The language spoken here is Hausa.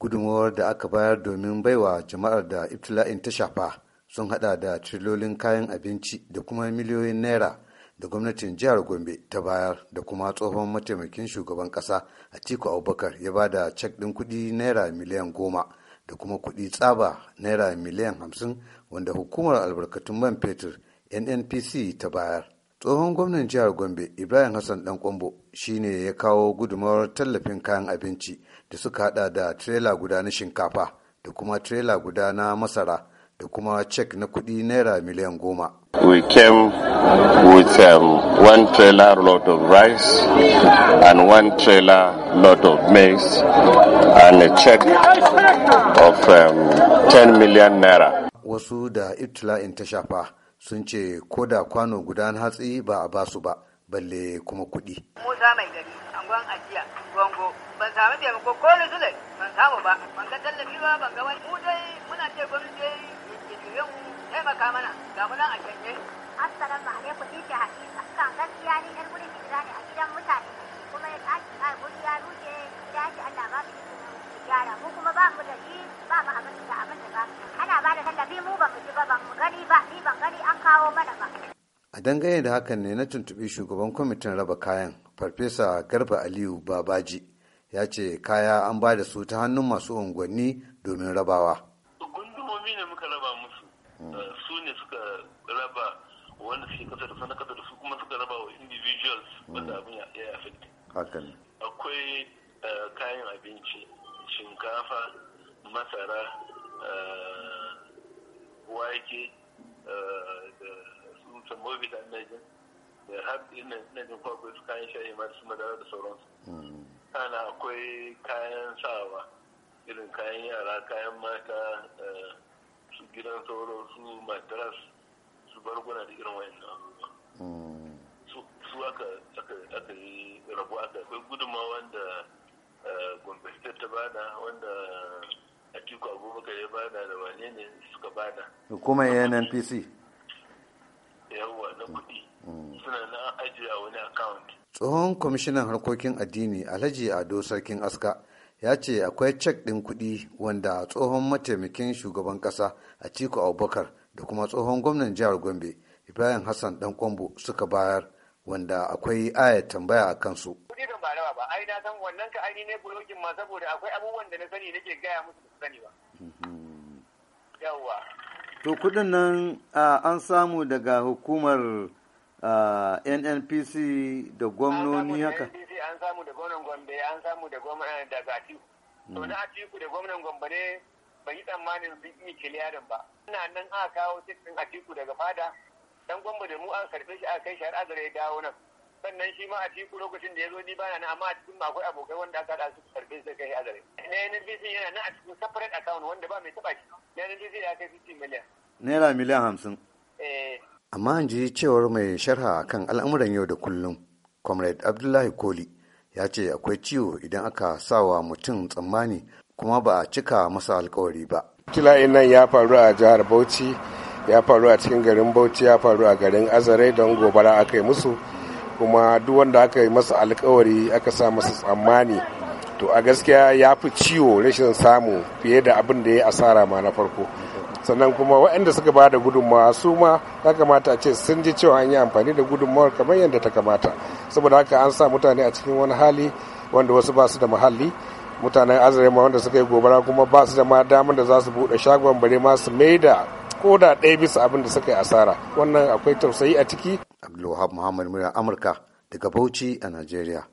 gudunmawar da aka bayar domin baiwa jama'ar da ibtila'in ta shafa sun hada da trilolin kayan abinci da kuma miliyoyin naira da gwamnatin jihar gombe ta bayar da kuma tsohon mataimakin shugaban kasa tiku abubakar ya ba da cek ɗin kuɗi naira miliyan goma da kuma kuɗi tsaba naira miliyan hamsin wanda hukumar albarkatun man fetur nnpc ta bayar tsohon gwamnan jihar gombe ibrahim hassan dan kwambo shine ya kawo gudumar tallafin kayan abinci da suka hada da tirela guda na shinkafa da kuma tirela guda na masara da kuma cek na kudi naira miliyan goma we came with um, one trailer load of rice and one trailer load of maize and a check of um, 10 million naira wasu da ibtila'in ta shafa sun ce ko da kwano guda na hatsi ba a ba su ba balle kuma kuɗi. Musa mai gari, angon ajiya, gongo, ban samu taimako ko zule, ban samu ba, ban ga tallafi ba, ban ga wani. Mu dai muna ce gwamnati dai ya yi mu taimaka mana, ga mu nan a kyanke. Assalamu alaikum, ni ce Hadiza. Kan gaskiya ni ɗan gudun hijira ne a gidan mutane. mu ba mu ji ba ban gani ba ni ban gani an kawo mana ba a dangane da hakan ne na tuntuɓi shugaban kwamitin raba kayan farfesa garba aliyu babaji ya ce kaya an ba da su ta hannun masu unguwanni domin rabawa gundumomi ne muka raba musu hmm. eh, su ne suka raba wanda suke kasa da sana kasa da su kuma suka raba wa individuals hmm. wanda abin ya affect hakan akwai eh, kayan abinci shinkafa masara eh, unguwa yake eh, da sun samu bita na jin da har ina jin kwakwai su kayan shayi ma su madara da sauransu mm. kana akwai kayan sawa irin kayan yara kayan mata eh, su gidan sauro su matras su barguna da irin wayan abubuwa mm. su aka yi rabu aka akwai gudunmawa da ya bada da wane ne suka bada nnpc yawwa na kuɗi suna na ajiye a wani account tsohon kwamishinan harkokin addini alhaji ado sarkin aska ya ce akwai cek ɗin kuɗi wanda tsohon mataimakin shugaban ƙasa a ciko abubakar da kuma tsohon gwamnan jihar gombe ibrahim hassan dan kwambo suka bayar wanda akwai aya tambaya a kansu kuɗi kan ba rawa ba ai na san wannan ka ne bulogin ma saboda akwai abubuwan da na sani nake gaya musu sani ba mhm. yawa To kudin nan an samu daga hukumar NNPC da gwamnoni haka? An samu da gwamnan Gombe, an samu da gwamnan daga Atiku. Mm. To na Atiku da gwamnan Gombe ne ba yi tsammanin sun iya kiliyarin ba. Ina nan aka kawo cikin Atiku daga fada, dan Gombe da mu an karfe shi aka kai shi har azare ya dawo nan. sannan shi ma a cikin lokacin da ya zo ni bana na amma a cikin akwai abokai wanda aka da su karbe su kai azare na NNPC yana nan a cikin separate account wanda ba mai taba shi na NNPC ya kai 50 miliyan naira miliyan hamsin eh. amma an ji cewar mai sharha kan al'amuran yau da kullum comrade abdullahi koli ya ce akwai ciwo idan aka sawa mutum tsammani kuma ba a cika masa alkawari ba kila nan ya faru a jihar bauchi ya faru a cikin garin bauchi ya faru a garin azare don gobara aka yi musu kuma duk wanda aka yi masa alkawari aka sa masa tsammani to a gaskiya ya fi ciwo rashin samu fiye da abin da ya asara ma na farko sannan kuma waɗanda suka ba da gudunmawa su ma ya kamata ce sun ji cewa an yi amfani da gudunmawar kamar yadda ta kamata saboda haka an sa mutane a cikin wani hali wanda wasu ba su da muhalli mutanen azurema wanda suka yi gobara kuma ba su da ma damar da za su buɗe shagon bare ma su mai da koda ɗaya bisa abin da suka yi asara wannan akwai tausayi a ciki Abdulwahab Muhammad Murya Amurka daga Bauchi a Najeriya.